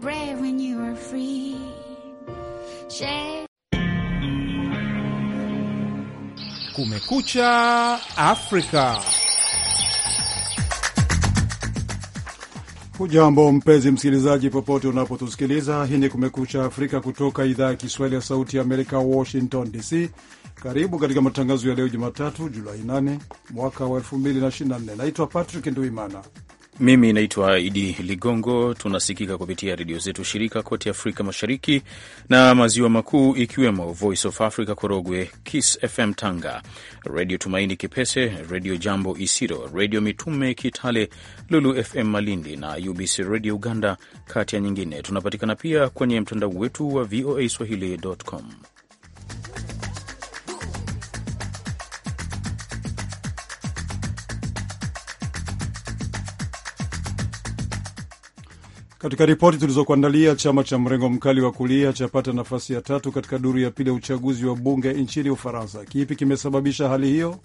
brave when you are free. Kumekucha Afrika. Hujambo mpenzi msikilizaji, popote unapotusikiliza. Hii ni Kumekucha Afrika kutoka idhaa ya Kiswahili ya Sauti ya Amerika, Washington DC. Karibu katika matangazo ya leo Jumatatu, Julai 8 mwaka wa 2024. Naitwa Patrick Nduimana mimi naitwa Idi Ligongo. Tunasikika kupitia redio zetu shirika kote Afrika Mashariki na Maziwa Makuu, ikiwemo Voice of Africa Korogwe, Kiss FM Tanga, Redio Tumaini Kipese, Redio Jambo Isiro, Redio Mitume Kitale, Lulu FM Malindi na UBC Redio Uganda, kati ya nyingine. Tunapatikana pia kwenye mtandao wetu wa VOA swahili.com. Katika ripoti tulizokuandalia, chama cha mrengo mkali wa kulia chapata nafasi ya tatu katika duru ya pili ya uchaguzi wa bunge nchini Ufaransa. Kipi kimesababisha hali hiyo?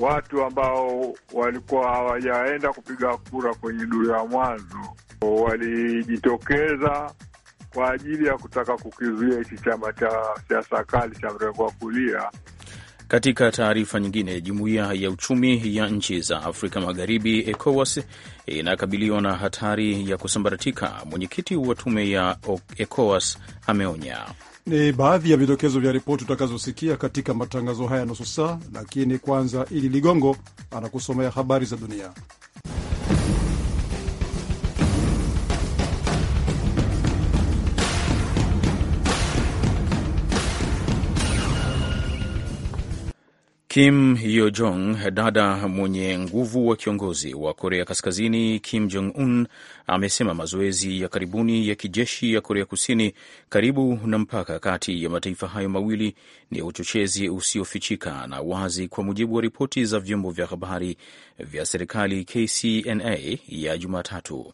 Watu ambao walikuwa hawajaenda kupiga kura kwenye duru ya mwanzo walijitokeza kwa ajili ya kutaka kukizuia hichi chama cha siasa kali cha mrengo wa kulia katika taarifa nyingine, jumuiya ya uchumi ya nchi za Afrika Magharibi, ECOWAS, inakabiliwa na hatari ya kusambaratika. Mwenyekiti wa tume ya ECOWAS ameonya. Ni baadhi ya vidokezo vya ripoti utakazosikia katika matangazo haya nusu saa, lakini kwanza, ili Ligongo anakusomea habari za dunia. Kim Yo Jong, dada mwenye nguvu wa kiongozi wa Korea Kaskazini Kim Jong Un, amesema mazoezi ya karibuni ya kijeshi ya Korea Kusini karibu na mpaka kati ya mataifa hayo mawili ni uchochezi usiofichika na wazi, kwa mujibu wa ripoti za vyombo vya habari vya serikali KCNA ya Jumatatu.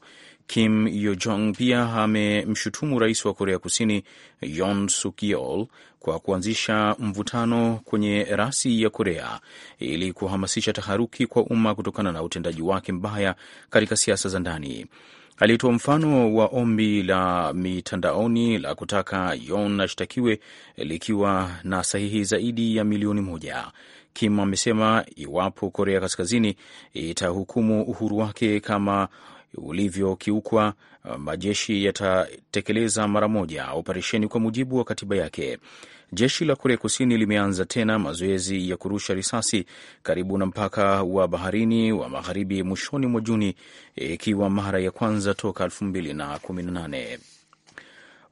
Kim Yo Jong pia amemshutumu rais wa Korea Kusini Yon sukiol kwa kuanzisha mvutano kwenye rasi ya Korea ili kuhamasisha taharuki kwa umma kutokana na utendaji wake mbaya katika siasa za ndani. Alitoa mfano wa ombi la mitandaoni la kutaka Yon ashtakiwe likiwa na sahihi zaidi ya milioni moja. Kim amesema iwapo Korea Kaskazini itahukumu uhuru wake kama ulivyokiukwa, uh, majeshi yatatekeleza mara moja operesheni kwa mujibu wa katiba yake. Jeshi la Korea Kusini limeanza tena mazoezi ya kurusha risasi karibu na mpaka wa baharini wa magharibi mwishoni mwa Juni, ikiwa mara ya kwanza toka 2018.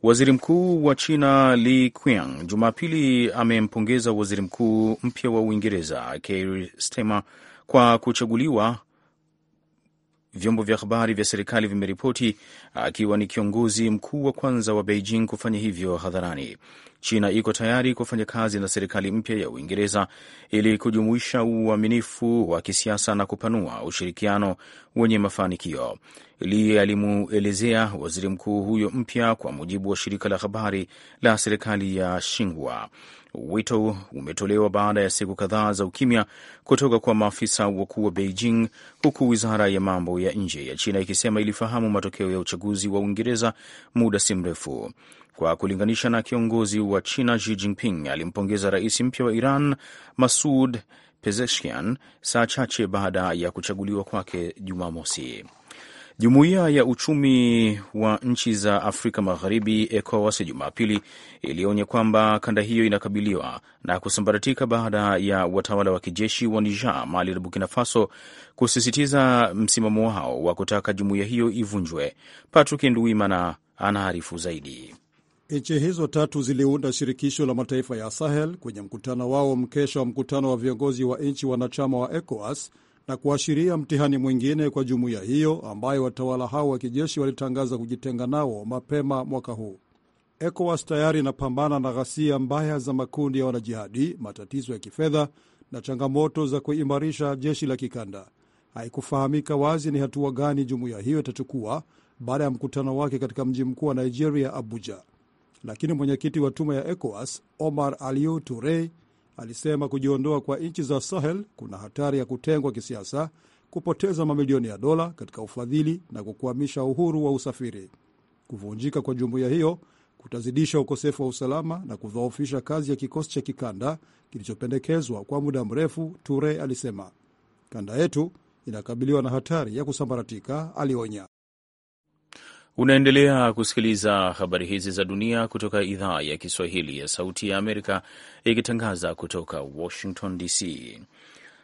Waziri Mkuu wa China Li Qiang Jumapili amempongeza waziri mkuu mpya wa Uingereza Keir Starmer kwa kuchaguliwa vyombo vya habari vya serikali vimeripoti, akiwa ni kiongozi mkuu wa kwanza wa Beijing kufanya hivyo hadharani. China iko tayari kufanya kazi na serikali mpya ya Uingereza ili kujumuisha uaminifu wa kisiasa na kupanua ushirikiano wenye mafanikio. Li alimuelezea waziri mkuu huyo mpya, kwa mujibu wa shirika la habari la serikali ya Xinhua. Wito umetolewa baada ya siku kadhaa za ukimya kutoka kwa maafisa wakuu wa Beijing, huku wizara ya mambo ya nje ya China ikisema ilifahamu matokeo ya uchaguzi wa Uingereza muda si mrefu. Kwa kulinganisha na kiongozi wa China Xi Jinping alimpongeza rais mpya wa Iran Masud Pezeshkian saa chache baada ya kuchaguliwa kwake Jumamosi. Jumuiya ya uchumi wa nchi za Afrika Magharibi, ECOWAS, Jumapili ilionya kwamba kanda hiyo inakabiliwa na kusambaratika baada ya watawala wa kijeshi wa Niger, Mali na Burkina Faso kusisitiza msimamo wao wa kutaka jumuiya hiyo ivunjwe. Patrick nduimana anaarifu zaidi. Nchi hizo tatu ziliunda shirikisho la mataifa ya Sahel kwenye mkutano wao mkesha wa mkutano wa viongozi wa nchi wanachama wa ECOWAS na kuashiria mtihani mwingine kwa jumuiya hiyo ambayo watawala hao wa kijeshi walitangaza kujitenga nao mapema mwaka huu. ECOWAS tayari inapambana na ghasia mbaya za makundi ya wanajihadi, matatizo ya kifedha na changamoto za kuimarisha jeshi la kikanda. Haikufahamika wazi ni hatua gani jumuiya hiyo itachukua baada ya mkutano wake katika mji mkuu wa Nigeria, Abuja, lakini mwenyekiti wa tume ya ECOWAS Omar Aliu Ture alisema kujiondoa kwa nchi za Sahel kuna hatari ya kutengwa kisiasa, kupoteza mamilioni ya dola katika ufadhili na kukwamisha uhuru wa usafiri. Kuvunjika kwa jumuiya hiyo kutazidisha ukosefu wa usalama na kudhoofisha kazi ya kikosi cha kikanda kilichopendekezwa kwa muda mrefu, Ture alisema. Kanda yetu inakabiliwa na hatari ya kusambaratika, alionya. Unaendelea kusikiliza habari hizi za dunia kutoka idhaa ya Kiswahili ya Sauti ya Amerika ikitangaza kutoka Washington DC.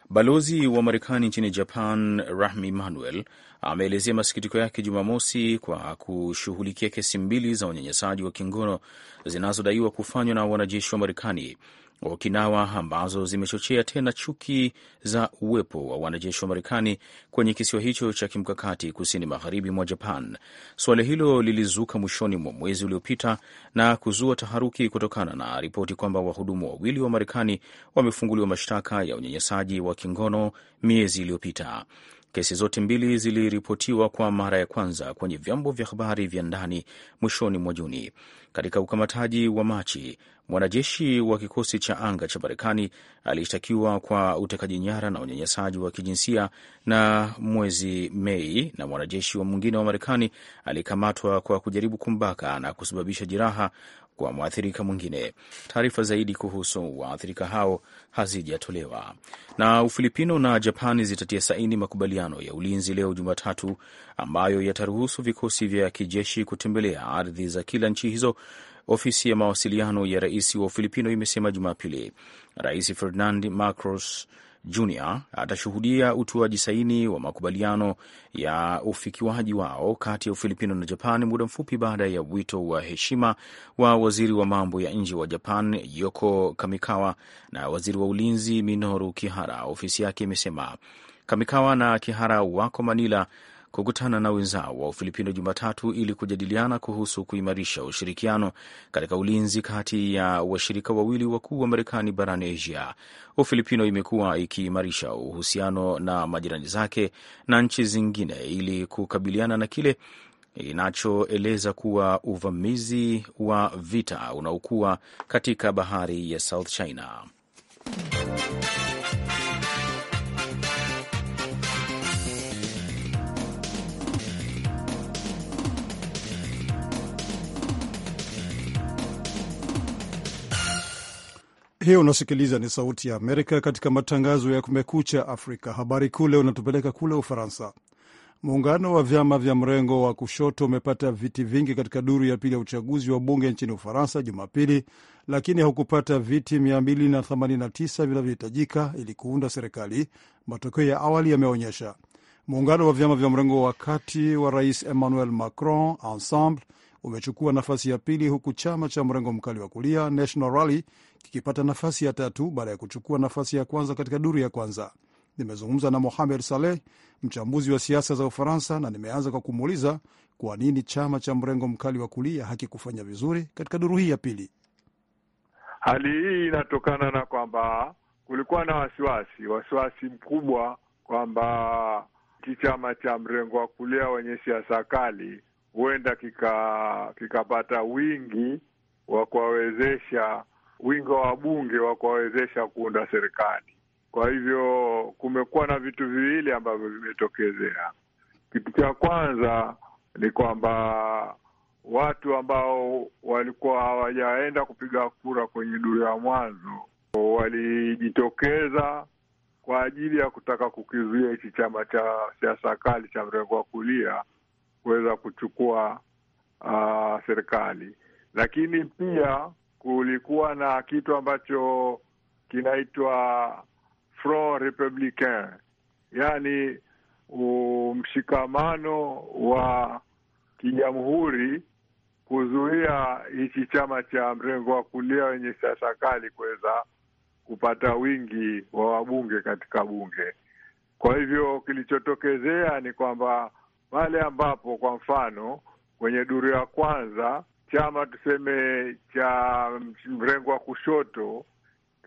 Balozi wa Marekani nchini Japan Rahmi Manuel ameelezea masikitiko yake Jumamosi kwa kushughulikia kesi mbili za unyanyasaji wa kingono zinazodaiwa kufanywa na wanajeshi wa Marekani Okinawa ambazo zimechochea tena chuki za uwepo wa wanajeshi wa Marekani kwenye kisiwa hicho cha kimkakati kusini magharibi mwa Japan. Suala hilo lilizuka mwishoni mwa mwezi uliopita na kuzua taharuki kutokana na ripoti kwamba wahudumu wawili wa Marekani wamefunguliwa mashtaka ya unyanyasaji wa kingono miezi iliyopita. Kesi zote mbili ziliripotiwa kwa mara ya kwanza kwenye vyombo vya habari vya ndani mwishoni mwa Juni. Katika ukamataji wa Machi, mwanajeshi wa kikosi cha anga cha Marekani alishtakiwa kwa utekaji nyara na unyanyasaji wa kijinsia, na mwezi Mei na mwanajeshi wa mwingine wa Marekani alikamatwa kwa kujaribu kumbaka na kusababisha jeraha kwa mwathirika mwingine. Taarifa zaidi kuhusu waathirika hao hazijatolewa. Na Ufilipino na Japani zitatia saini makubaliano ya ulinzi leo Jumatatu, ambayo yataruhusu vikosi vya kijeshi kutembelea ardhi za kila nchi hizo. Ofisi ya mawasiliano ya rais wa Ufilipino imesema Jumapili. Rais Ferdinand Marcos Junior atashuhudia utuaji saini wa makubaliano ya ufikiwaji wao kati ya Ufilipino na Japan muda mfupi baada ya wito wa heshima wa waziri wa mambo ya nje wa Japan Yoko Kamikawa na waziri wa ulinzi Minoru Kihara. Ofisi yake imesema Kamikawa na Kihara wako Manila kukutana na wenzao wa Ufilipino Jumatatu ili kujadiliana kuhusu kuimarisha ushirikiano katika ulinzi kati ya washirika wawili wakuu wa Marekani barani Asia. Ufilipino imekuwa ikiimarisha uhusiano na majirani zake na nchi zingine ili kukabiliana na kile inachoeleza kuwa uvamizi wa vita unaokuwa katika bahari ya South China. Hiyo unasikiliza ni Sauti ya Amerika katika matangazo ya Kumekucha Afrika. Habari kuu leo inatupeleka kule Ufaransa. Muungano wa vyama vya mrengo wa kushoto umepata viti vingi katika duru ya pili ya uchaguzi wa bunge nchini Ufaransa Jumapili, lakini haukupata viti 289 vinavyohitajika ili kuunda serikali, matokeo ya awali yameonyesha. Muungano wa vyama vya mrengo wa kati wa rais Emmanuel Macron, Ensemble, umechukua nafasi ya pili, huku chama cha mrengo mkali wa kulia National Rally kikipata nafasi ya tatu baada ya kuchukua nafasi ya kwanza katika duru ya kwanza. Nimezungumza na Mohamed Saleh, mchambuzi wa siasa za Ufaransa, na nimeanza kwa kumuuliza kwa nini chama cha mrengo mkali wa kulia hakikufanya vizuri katika duru hii ya pili. Hali hii inatokana na kwamba kulikuwa na wasiwasi wasiwasi mkubwa kwamba chama cha mrengo wa kulia wenye siasa kali huenda kikapata kika wingi wa kuwawezesha wingi wa wabunge wa kuwawezesha kuunda serikali. Kwa hivyo kumekuwa na vitu viwili ambavyo vimetokezea. Kitu cha kwanza ni kwamba watu ambao walikuwa hawajaenda kupiga kura kwenye duru ya mwanzo walijitokeza kwa ajili ya kutaka kukizuia hichi chama cha siasa kali cha mrengo wa kulia kuweza kuchukua uh, serikali, lakini pia kulikuwa na kitu ambacho kinaitwa Front Republicain, yaani mshikamano wa kijamhuri kuzuia hichi chama cha mrengo wa kulia wenye siasa kali kuweza kupata wingi wa wabunge katika bunge. Kwa hivyo kilichotokezea ni kwamba pale ambapo kwa mfano kwenye duru ya kwanza chama tuseme cha mrengo wa kushoto,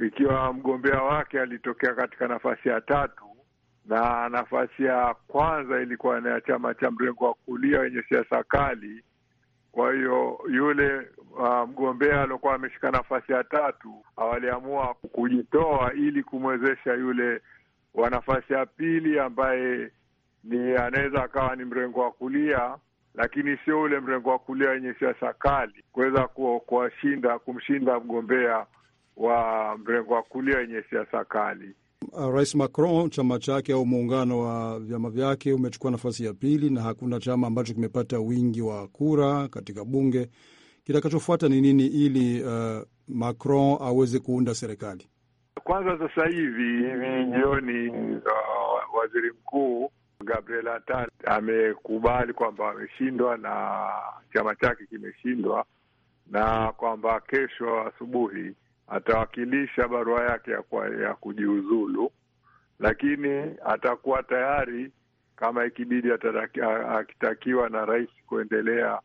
ikiwa mgombea wake alitokea katika nafasi ya tatu na nafasi ya kwanza ilikuwa na chama cha mrengo wa kulia wenye siasa kali. Kwa hiyo yule uh, mgombea aliokuwa ameshika nafasi ya tatu awaliamua kujitoa ili kumwezesha yule wa nafasi ya pili ambaye ni anaweza akawa ni mrengo wa kulia lakini sio ule mrengo wa kulia wenye siasa kali kuweza kuwashinda kumshinda mgombea wa mrengo wa kulia wenye siasa kali. Uh, Rais Macron, chama chake au muungano wa vyama vyake umechukua nafasi ya pili, na hakuna chama ambacho kimepata wingi wa kura katika bunge. Kitakachofuata ni nini ili uh, Macron aweze kuunda serikali? Kwanza sasa hivi hivi jioni uh, waziri mkuu Gabriel Attal amekubali kwamba ameshindwa na chama chake kimeshindwa, na kwamba kesho asubuhi atawakilisha barua yake ya, ya kujiuzulu, lakini atakuwa tayari kama ikibidi akitakiwa na rais kuendelea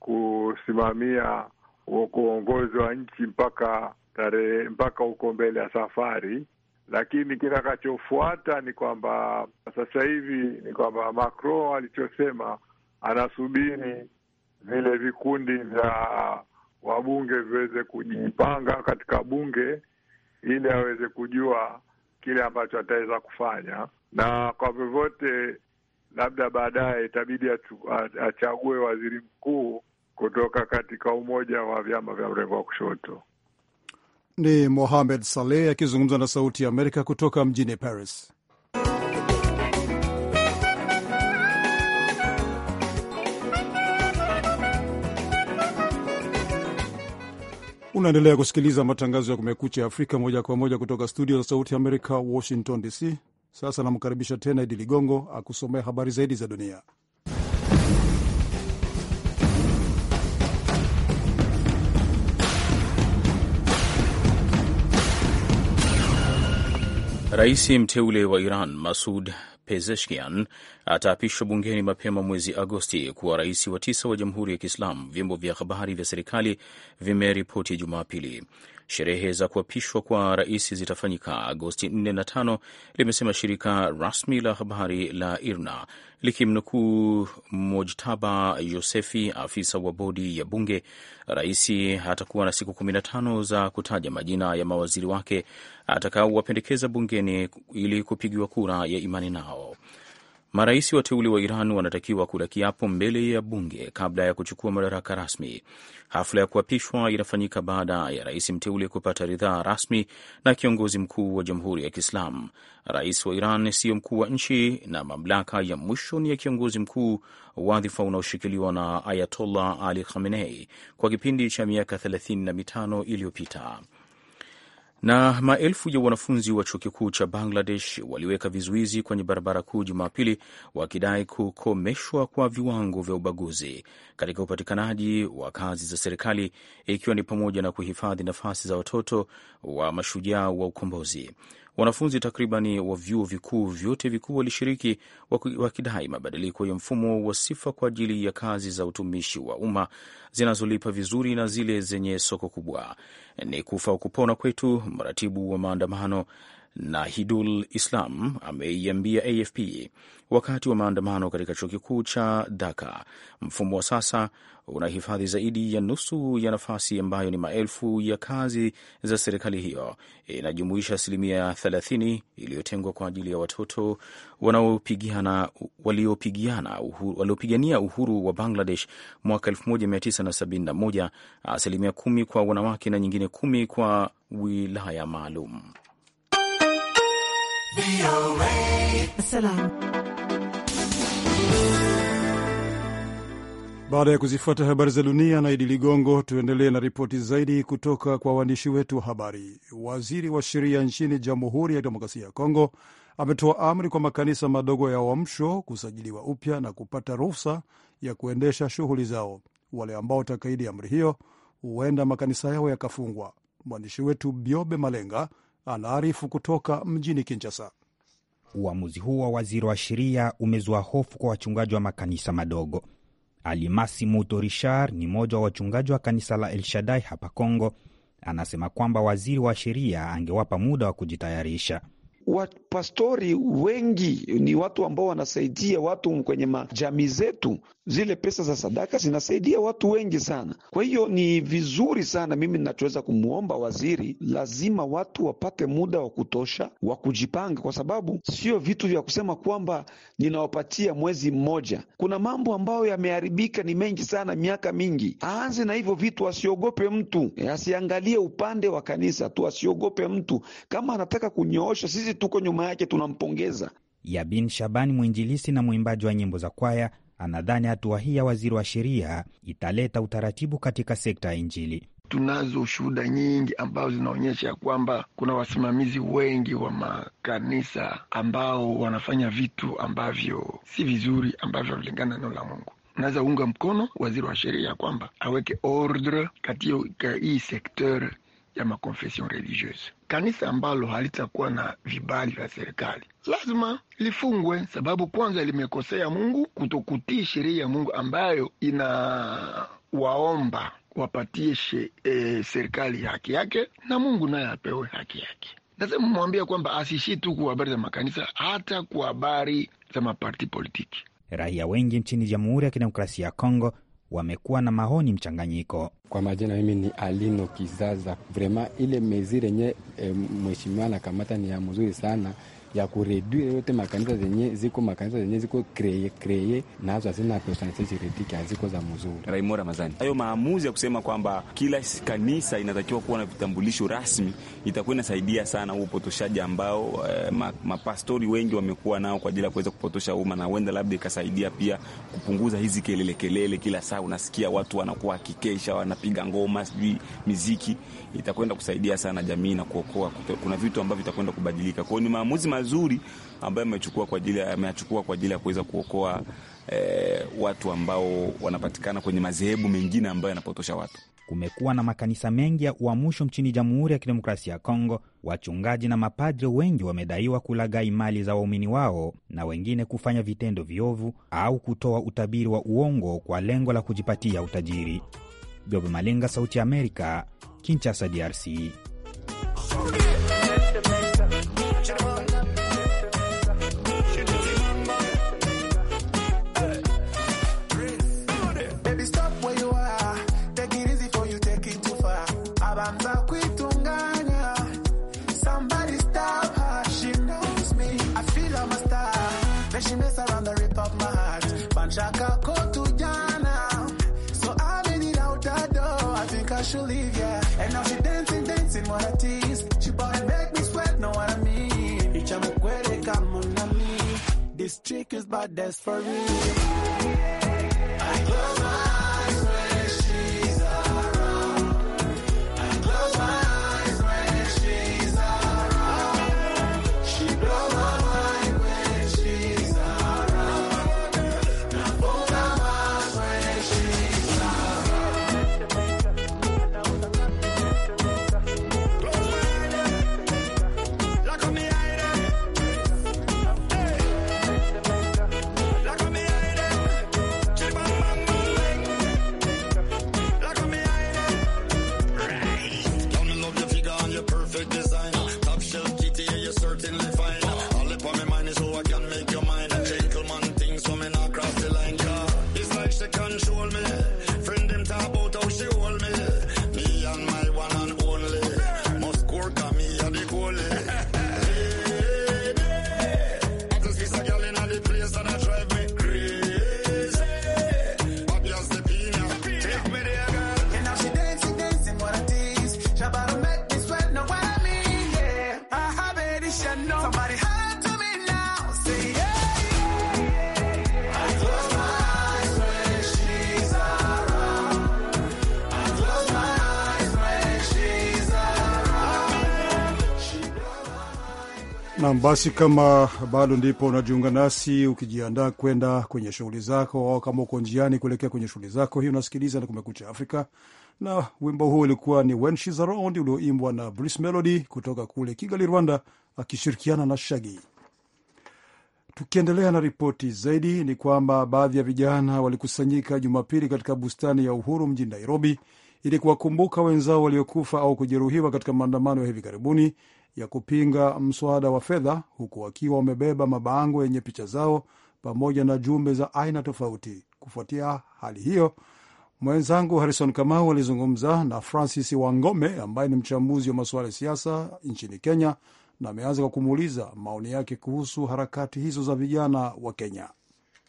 kusimamia uongozi wa nchi mpaka tarehe mpaka huko mbele ya safari lakini kitakachofuata ni kwamba sasa hivi ni kwamba Macron alichosema anasubiri vile vikundi vya wabunge viweze kujipanga katika bunge ili aweze kujua kile ambacho ataweza kufanya, na kwa vyovyote, labda baadaye itabidi achague waziri mkuu kutoka katika umoja wa vyama vya mrengo wa kushoto. Ni Mohamed Saleh akizungumza na Sauti ya Amerika kutoka mjini Paris. Unaendelea kusikiliza matangazo ya Kumekucha Afrika moja kwa moja kutoka studio za Sauti ya Amerika, Washington DC. Sasa namkaribisha tena Idi Ligongo akusomea habari zaidi za dunia. Rais mteule wa Iran Masud Pezeshkian ataapishwa bungeni mapema mwezi Agosti kuwa rais wa tisa wa Jamhuri ya Kiislamu, vyombo vya habari vya serikali vimeripoti Jumapili. Sherehe za kuapishwa kwa rais zitafanyika Agosti 4 na 5, limesema shirika rasmi la habari la IRNA likimnukuu Mojtaba Yosefi, afisa wa bodi ya bunge. Rais atakuwa na siku 15 za kutaja majina ya mawaziri wake atakaowapendekeza bungeni ili kupigiwa kura ya imani nao. Marais wateule wa Iran wanatakiwa kula kiapo mbele ya bunge kabla ya kuchukua madaraka rasmi. Hafla ya kuapishwa inafanyika baada ya rais mteule kupata ridhaa rasmi na kiongozi mkuu wa jamhuri ya kiislam Rais wa Iran siyo mkuu wa nchi, na mamlaka ya mwisho ni ya kiongozi mkuu, wadhifa unaoshikiliwa na Ayatollah Ali Khamenei kwa kipindi cha miaka thelathini na mitano iliyopita. Na maelfu ya wanafunzi wa chuo kikuu cha Bangladesh waliweka vizuizi kwenye barabara kuu Jumapili wakidai kukomeshwa kwa viwango vya ubaguzi katika upatikanaji wa kazi za serikali ikiwa ni pamoja na kuhifadhi nafasi za watoto wa mashujaa wa ukombozi. Wanafunzi takribani wa vyuo vikuu vyote vikuu walishiriki wakidai mabadiliko ya mfumo wa sifa kwa ajili ya kazi za utumishi wa umma zinazolipa vizuri na zile zenye soko kubwa. Ni kufa kupona kwetu, mratibu wa maandamano Nahidul Islam ameiambia AFP wakati wa maandamano katika chuo kikuu cha Dhaka, mfumo wa sasa unahifadhi zaidi ya nusu ya nafasi ambayo ni maelfu ya kazi za serikali hiyo. Inajumuisha asilimia thelathini iliyotengwa kwa ajili ya watoto wanaopigana waliopigania uhuru, waliopigania uhuru wa Bangladesh mwaka 1971, asilimia kumi kwa wanawake na nyingine kumi kwa wilaya maalum. Baada ya kuzifuata habari za dunia na Idi Ligongo, tuendelee na ripoti zaidi kutoka kwa waandishi wetu wa habari. Waziri wa sheria nchini Jamhuri ya demokrasia ya Kongo ametoa amri kwa makanisa madogo ya Uamsho kusajiliwa upya na kupata ruhusa ya kuendesha shughuli zao. Wale ambao watakaidi amri hiyo, huenda makanisa yao yakafungwa. Mwandishi wetu Biobe Malenga anaarifu kutoka mjini Kinshasa. Uamuzi huo wa waziri wa sheria umezua hofu kwa wachungaji wa makanisa madogo. Alimasi Muto Richard ni mmoja wa wachungaji wa kanisa la El Shaddai hapa Kongo. Anasema kwamba waziri wa sheria angewapa muda wa kujitayarisha. Wapastori wengi ni watu ambao wanasaidia watu kwenye majamii zetu. Zile pesa za sadaka zinasaidia watu wengi sana. Kwa hiyo ni vizuri sana, mimi ninachoweza kumwomba waziri, lazima watu wapate muda wa kutosha wa kujipanga, kwa sababu sio vitu vya kusema kwamba ninawapatia mwezi mmoja. Kuna mambo ambayo yameharibika ni mengi sana, miaka mingi. Aanze na hivyo vitu, asiogope mtu, e, asiangalie upande wa kanisa tu, asiogope mtu. Kama anataka kunyoosha, sisi tuko nyuma huduma yake tunampongeza. Yabin Shaban, mwinjilisi na mwimbaji wa nyimbo za kwaya, anadhani hatua hii ya waziri wa sheria italeta utaratibu katika sekta ya Injili. Tunazo shuhuda nyingi ambazo zinaonyesha ya kwamba kuna wasimamizi wengi wa makanisa ambao wanafanya vitu ambavyo si vizuri, ambavyo havilingana na neno la Mungu. Naweza unga mkono waziri wa sheria ya kwamba aweke ordre katika hii sekteur ya makonfession religieuse kanisa ambalo halitakuwa na vibali vya serikali lazima lifungwe, sababu kwanza limekosea Mungu kutokutii sheria ya Mungu ambayo inawaomba wapatie e, serikali haki yake na Mungu naye apewe haki yake. Nasema mwambia kwamba asishii tu kwa habari za makanisa, hata kwa habari za maparti politiki. Raia wengi nchini Jamhuri ya Kidemokrasia ya Kongo wamekuwa na maoni mchanganyiko. Kwa majina, mimi ni Alino Kizaza. Vrema ile mezire nye e, eh, mheshimiwa anakamata ni ya mzuri sana ya kuredwire yote makanisa zenye ziko makanisa zenye ziko kreye kreye nazo hazina personality heretiki haziko za mzuri. Raimo Ramazani, hayo maamuzi ya kusema kwamba kila kanisa inatakiwa kuwa na vitambulisho rasmi itakuwa inasaidia sana huu upotoshaji ambao eh, mapastori wengi wamekuwa nao kwa ajili ya kuweza kupotosha umma, na huenda labda ikasaidia pia kupunguza hizi kelele kelele, kila saa unasikia watu wanakuwa wakikesha, wanapiga ngoma, sijui miziki, itakwenda kusaidia sana jamii na kuokoa. Kuna vitu ambavyo vitakwenda kubadilika kwao, ni maamuzi ma mazuri ambayo amechukua kwa ajili ameachukua kwa ajili ya kuweza kuokoa eh, watu ambao wanapatikana kwenye madhehebu mengine ambayo yanapotosha watu. Kumekuwa na makanisa mengi ya uamsho nchini Jamhuri ya Kidemokrasia ya Kongo. Wachungaji na mapadre wengi wamedaiwa kulaghai mali za waumini wao na wengine kufanya vitendo viovu au kutoa utabiri wa uongo kwa lengo la kujipatia utajiri. Job Malenga, Sauti ya Amerika, Kinshasa, DRC. chickens, is bad, that's for real. Nam basi, kama bado ndipo unajiunga nasi ukijiandaa kwenda kwenye shughuli zako, au kama uko njiani kuelekea kwenye shughuli zako, hii unasikiliza na Kumekucha Afrika, na wimbo huo ulikuwa ni When She's Around ulioimbwa na Bruce Melody kutoka kule Kigali, Rwanda, akishirikiana na Shaggy. Tukiendelea na ripoti zaidi, ni kwamba baadhi ya vijana walikusanyika Jumapili katika bustani ya Uhuru mjini Nairobi ili kuwakumbuka wenzao waliokufa au kujeruhiwa katika maandamano ya hivi karibuni ya kupinga mswada wa fedha, huku wakiwa wamebeba mabango yenye picha zao pamoja na jumbe za aina tofauti. Kufuatia hali hiyo, mwenzangu Harrison Kamau alizungumza na Francis Wangome ambaye ni mchambuzi wa masuala ya siasa nchini Kenya, na ameanza kwa kumuuliza maoni yake kuhusu harakati hizo za vijana wa Kenya.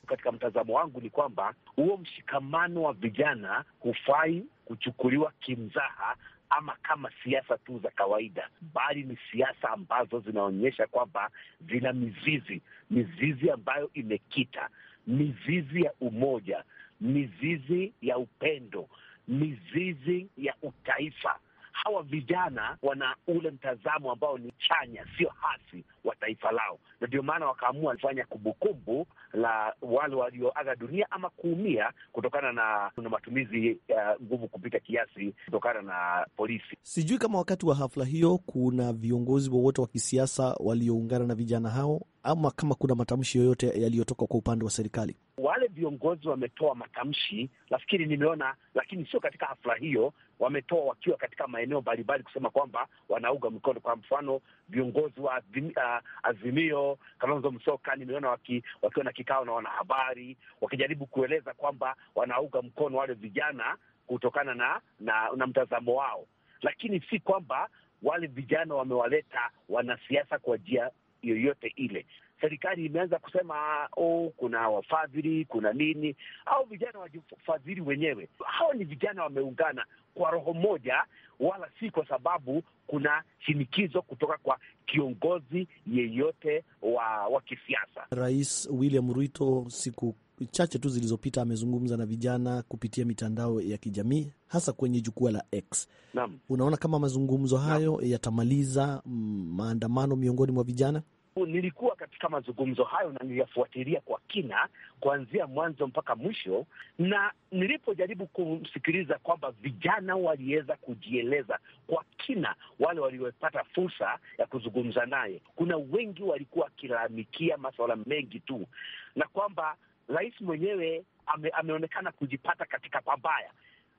Katika mtazamo wangu ni kwamba huo mshikamano wa vijana hufai kuchukuliwa kimzaha ama kama siasa tu za kawaida, bali ni siasa ambazo zinaonyesha kwamba zina mizizi, mizizi ambayo imekita, mizizi ya umoja, mizizi ya upendo, mizizi ya utaifa hawa vijana wana ule mtazamo ambao ni chanya, sio hasi wa taifa lao, na ndio maana wakaamua kufanya kumbukumbu la wale walioaga dunia ama kuumia kutokana na, na matumizi ya uh, nguvu kupita kiasi kutokana na polisi. Sijui kama wakati wa hafla hiyo kuna viongozi wowote wa, wa kisiasa walioungana na vijana hao ama kama kuna matamshi yoyote yaliyotoka kwa upande wa serikali wale viongozi wametoa matamshi, nafikiri nimeona, lakini sio katika hafla hiyo, wametoa wakiwa katika maeneo mbalimbali kusema kwamba wanaunga mkono. Kwa mfano viongozi wa uh, Azimio, Kalonzo Musyoka, nimeona waki, wakiwa na kikao na wanahabari wakijaribu kueleza kwamba wanaunga mkono wale vijana kutokana na na, na mtazamo wao, lakini si kwamba wale vijana wamewaleta wanasiasa kwa njia yoyote ile serikali imeanza kusema oh, kuna wafadhili kuna nini, au vijana wajifadhili wenyewe. Hao ni vijana wameungana kwa roho moja, wala si kwa sababu kuna shinikizo kutoka kwa kiongozi yeyote wa, wa kisiasa. Rais William Ruto siku chache tu zilizopita amezungumza na vijana kupitia mitandao ya kijamii hasa kwenye jukwaa la X. Naam. Unaona kama mazungumzo hayo yatamaliza mm, maandamano miongoni mwa vijana? nilikuwa katika mazungumzo hayo na niliyafuatilia kwa kina kuanzia mwanzo mpaka mwisho, na nilipojaribu kumsikiliza kwamba vijana waliweza kujieleza kwa kina, wale waliopata fursa ya kuzungumza naye, kuna wengi walikuwa wakilalamikia masuala mengi tu, na kwamba rais mwenyewe ame, ameonekana kujipata katika pabaya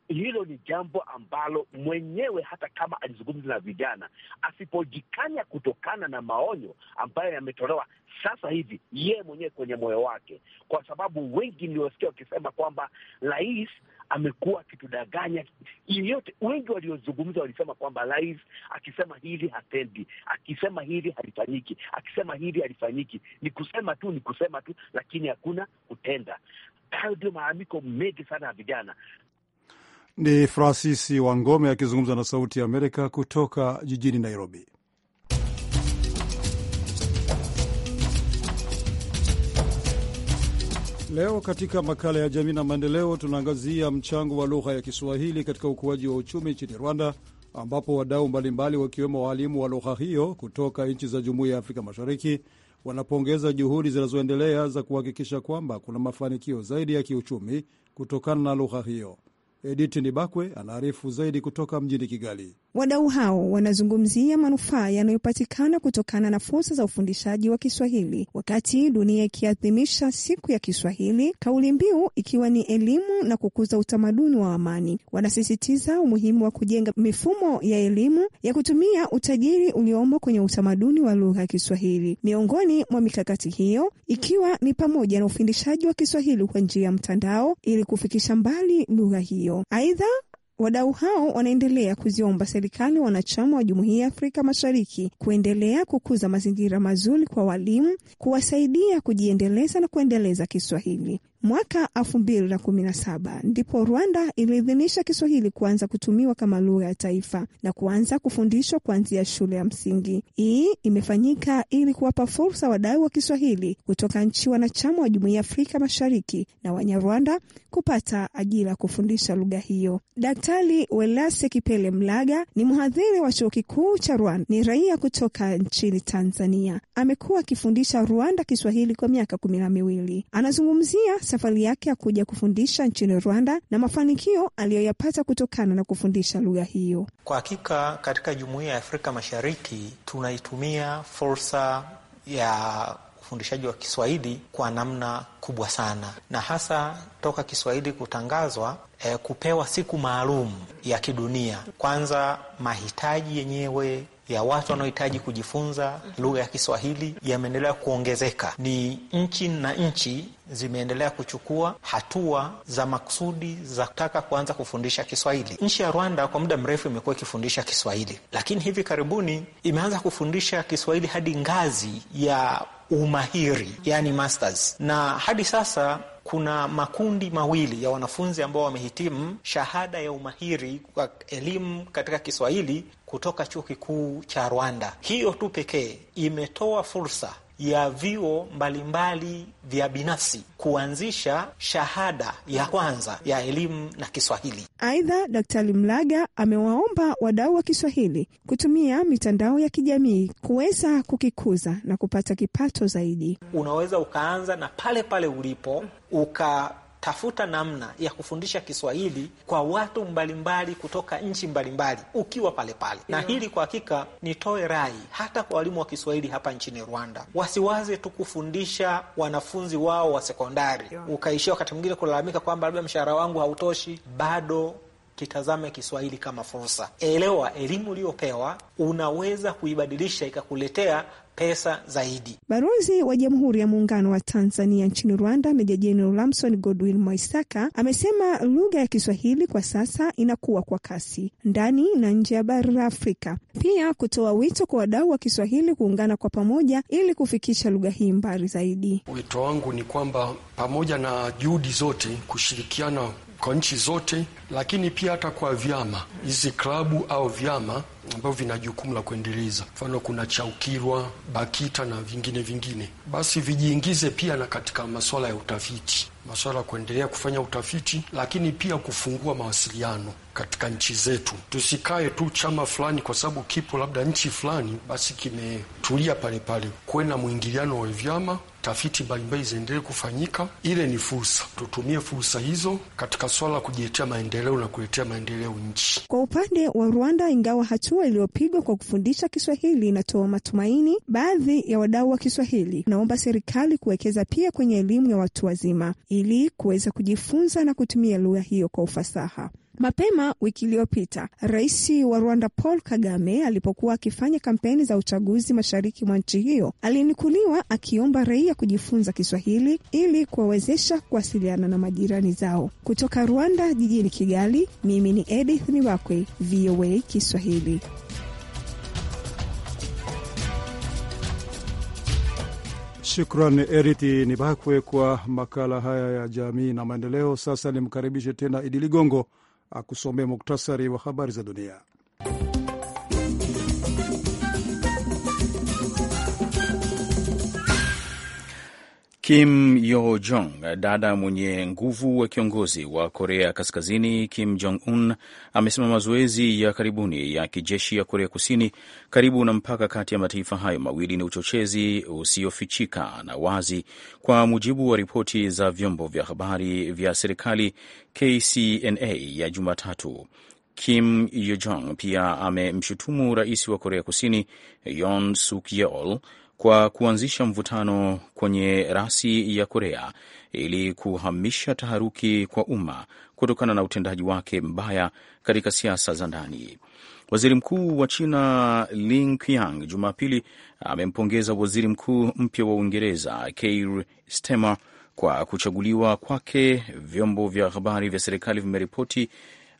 hilo ni jambo ambalo mwenyewe hata kama alizungumza na vijana, asipojikanya kutokana na maonyo ambayo yametolewa sasa hivi, yeye mwenyewe kwenye moyo wake, kwa sababu wengi niliosikia wakisema kwamba rais amekuwa akitudanganya yeyote. Wengi waliozungumza walisema kwamba rais akisema hili hatendi, akisema hili halifanyiki, akisema hili halifanyiki, ni kusema tu, ni kusema tu, lakini hakuna kutenda. Hayo ndio malalamiko mengi sana ya vijana, ni Francis Wangome akizungumza na Sauti ya Amerika kutoka jijini Nairobi. Leo katika makala ya jamii na maendeleo tunaangazia mchango wa lugha ya Kiswahili katika ukuaji wa uchumi nchini Rwanda, ambapo wadau mbalimbali wakiwemo waalimu wa lugha hiyo kutoka nchi za Jumuiya ya Afrika Mashariki wanapongeza juhudi zinazoendelea za kuhakikisha kwamba kuna mafanikio zaidi ya kiuchumi kutokana na lugha hiyo. Edith Nibakwe anaarifu zaidi kutoka mjini Kigali. Wadau hao wanazungumzia manufaa yanayopatikana kutokana na fursa za ufundishaji wa Kiswahili wakati dunia ikiadhimisha siku ya Kiswahili, kauli mbiu ikiwa ni elimu na kukuza utamaduni wa amani. Wanasisitiza umuhimu wa kujenga mifumo ya elimu ya kutumia utajiri uliomo kwenye utamaduni wa lugha ya Kiswahili. Miongoni mwa mikakati hiyo ikiwa ni pamoja na ufundishaji wa Kiswahili kwa njia ya mtandao ili kufikisha mbali lugha hiyo. Aidha, Wadau hao wanaendelea kuziomba serikali wanachama wa Jumuiya ya Afrika Mashariki kuendelea kukuza mazingira mazuri kwa walimu, kuwasaidia kujiendeleza na kuendeleza Kiswahili. Mwaka 2017 ndipo Rwanda iliidhinisha Kiswahili kuanza kutumiwa kama lugha ya taifa na kuanza kufundishwa kuanzia shule ya msingi. Hii imefanyika ili kuwapa fursa wadau wa Kiswahili kutoka nchi wanachama wa Jumuiya ya Afrika Mashariki na Wanyarwanda kupata ajira ya kufundisha lugha hiyo. Daktari Welase Kipele Mlaga ni mhadhiri wa chuo kikuu cha Rwanda, ni raia kutoka nchini Tanzania. Amekuwa akifundisha Rwanda Kiswahili kwa miaka kumi na miwili. Anazungumzia safari yake ya kuja kufundisha nchini Rwanda na mafanikio aliyoyapata kutokana na kufundisha lugha hiyo. Kwa hakika katika jumuiya ya Afrika Mashariki tunaitumia fursa ya ufundishaji wa Kiswahili kwa namna kubwa sana, na hasa toka Kiswahili kutangazwa eh, kupewa siku maalum ya kidunia. Kwanza mahitaji yenyewe ya watu wanaohitaji kujifunza lugha ya Kiswahili yameendelea kuongezeka. Ni nchi na nchi zimeendelea kuchukua hatua za makusudi za kutaka kuanza kufundisha Kiswahili. Nchi ya Rwanda kwa muda mrefu imekuwa ikifundisha Kiswahili, lakini hivi karibuni imeanza kufundisha Kiswahili hadi ngazi ya umahiri, yani masters, na hadi sasa kuna makundi mawili ya wanafunzi ambao wamehitimu shahada ya umahiri wa elimu katika Kiswahili kutoka chuo kikuu cha Rwanda. Hiyo tu pekee imetoa fursa ya vyuo mbalimbali vya binafsi kuanzisha shahada ya kwanza ya elimu na Kiswahili. Aidha, Daktari Mlaga amewaomba wadau wa Kiswahili kutumia mitandao ya kijamii kuweza kukikuza na kupata kipato zaidi. Unaweza ukaanza na pale pale ulipo uka tafuta namna ya kufundisha Kiswahili kwa watu mbalimbali mbali kutoka nchi mbalimbali mbali, ukiwa palepale pale. Na hili kwa hakika nitoe rai hata kwa walimu wa Kiswahili hapa nchini Rwanda, wasiwaze tu kufundisha wanafunzi wao wa sekondari ukaishia wakati mwingine kulalamika kwamba labda mshahara wangu hautoshi. Bado kitazame Kiswahili kama fursa. Elewa elimu uliyopewa unaweza kuibadilisha ikakuletea pesa zaidi. Balozi wa Jamhuri ya Muungano wa Tanzania nchini Rwanda, Meja Jenerali Lamson Godwin Mwaisaka amesema lugha ya Kiswahili kwa sasa inakuwa kwa kasi ndani na nje ya bara la Afrika, pia kutoa wito kwa wadau wa Kiswahili kuungana kwa pamoja ili kufikisha lugha hii mbali zaidi. Wito wangu ni kwamba pamoja na juhudi zote kushirikiana kwa nchi zote, lakini pia hata kwa vyama hizi klabu au vyama ambavyo vina jukumu la kuendeleza, mfano kuna Chaukirwa, BAKITA na vingine vingine, basi vijiingize pia na katika masuala ya utafiti, masuala ya kuendelea kufanya utafiti, lakini pia kufungua mawasiliano katika nchi zetu. Tusikae tu chama fulani kwa sababu kipo labda nchi fulani, basi kimetulia pale pale, kuwe na mwingiliano wa vyama tafiti mbalimbali zinaendelee kufanyika. Ile ni fursa, tutumie fursa hizo katika swala la kujiletea maendeleo na kuletea maendeleo nchi. Kwa upande wa Rwanda, ingawa hatua iliyopigwa kwa kufundisha Kiswahili inatoa matumaini, baadhi ya wadau wa Kiswahili naomba serikali kuwekeza pia kwenye elimu ya watu wazima ili kuweza kujifunza na kutumia lugha hiyo kwa ufasaha. Mapema wiki iliyopita, rais wa Rwanda Paul Kagame alipokuwa akifanya kampeni za uchaguzi mashariki mwa nchi hiyo, alinukuliwa akiomba raia kujifunza Kiswahili ili kuwawezesha kuwasiliana na majirani zao. Kutoka Rwanda, jijini Kigali, mimi ni Edith nibakwe VOA Kiswahili. Shukran Eriti Nibakwe kwa makala haya ya jamii na maendeleo. Sasa nimkaribishe tena Idi Ligongo akusomea muktasari wa habari za dunia. Kim Yo Jong, dada mwenye nguvu wa kiongozi wa Korea Kaskazini Kim Jong Un, amesema mazoezi ya karibuni ya kijeshi ya Korea Kusini karibu na mpaka kati ya mataifa hayo mawili ni uchochezi usiofichika na wazi, kwa mujibu wa ripoti za vyombo vya habari vya serikali KCNA ya Jumatatu. Kim Yo Jong pia amemshutumu rais wa Korea Kusini Yoon Suk Yeol kwa kuanzisha mvutano kwenye rasi ya Korea ili kuhamisha taharuki kwa umma kutokana na utendaji wake mbaya katika siasa za ndani. Waziri Mkuu wa China Li Qiang Jumapili amempongeza Waziri Mkuu mpya wa Uingereza Keir Starmer kwa kuchaguliwa kwake, vyombo vya habari vya serikali vimeripoti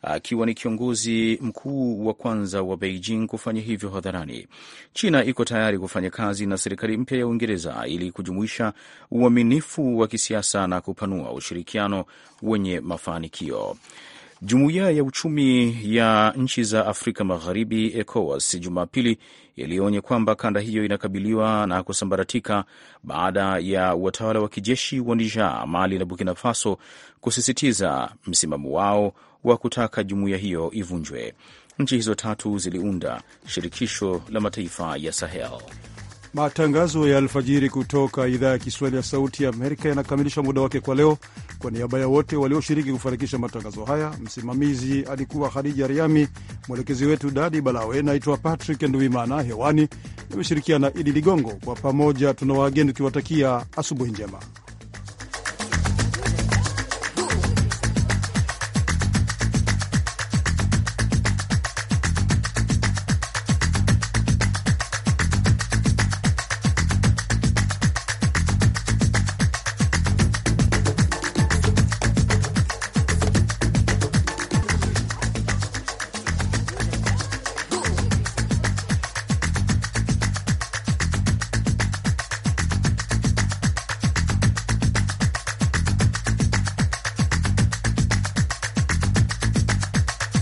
akiwa ni kiongozi mkuu wa kwanza wa Beijing kufanya hivyo hadharani. China iko tayari kufanya kazi na serikali mpya ya Uingereza ili kujumuisha uaminifu wa kisiasa na kupanua ushirikiano wenye mafanikio. Jumuiya ya uchumi ya nchi za Afrika Magharibi, ECOWAS, Jumapili ilionya kwamba kanda hiyo inakabiliwa na kusambaratika baada ya watawala wa kijeshi wa Niger, Mali na Burkina Faso kusisitiza msimamo wao wa kutaka jumuiya hiyo ivunjwe. Nchi hizo tatu ziliunda shirikisho la mataifa ya Sahel. Matangazo ya alfajiri kutoka idhaa ya Kiswahili ya Sauti ya Amerika yanakamilisha muda wake kwa leo. Kwa niaba ya wote walioshiriki kufanikisha matangazo haya, msimamizi alikuwa Khadija Riami, mwelekezi wetu Dadi Balawe. Naitwa Patrick Nduimana, hewani nimeshirikiana Idi Ligongo. Kwa pamoja tuna wageni tukiwatakia asubuhi njema.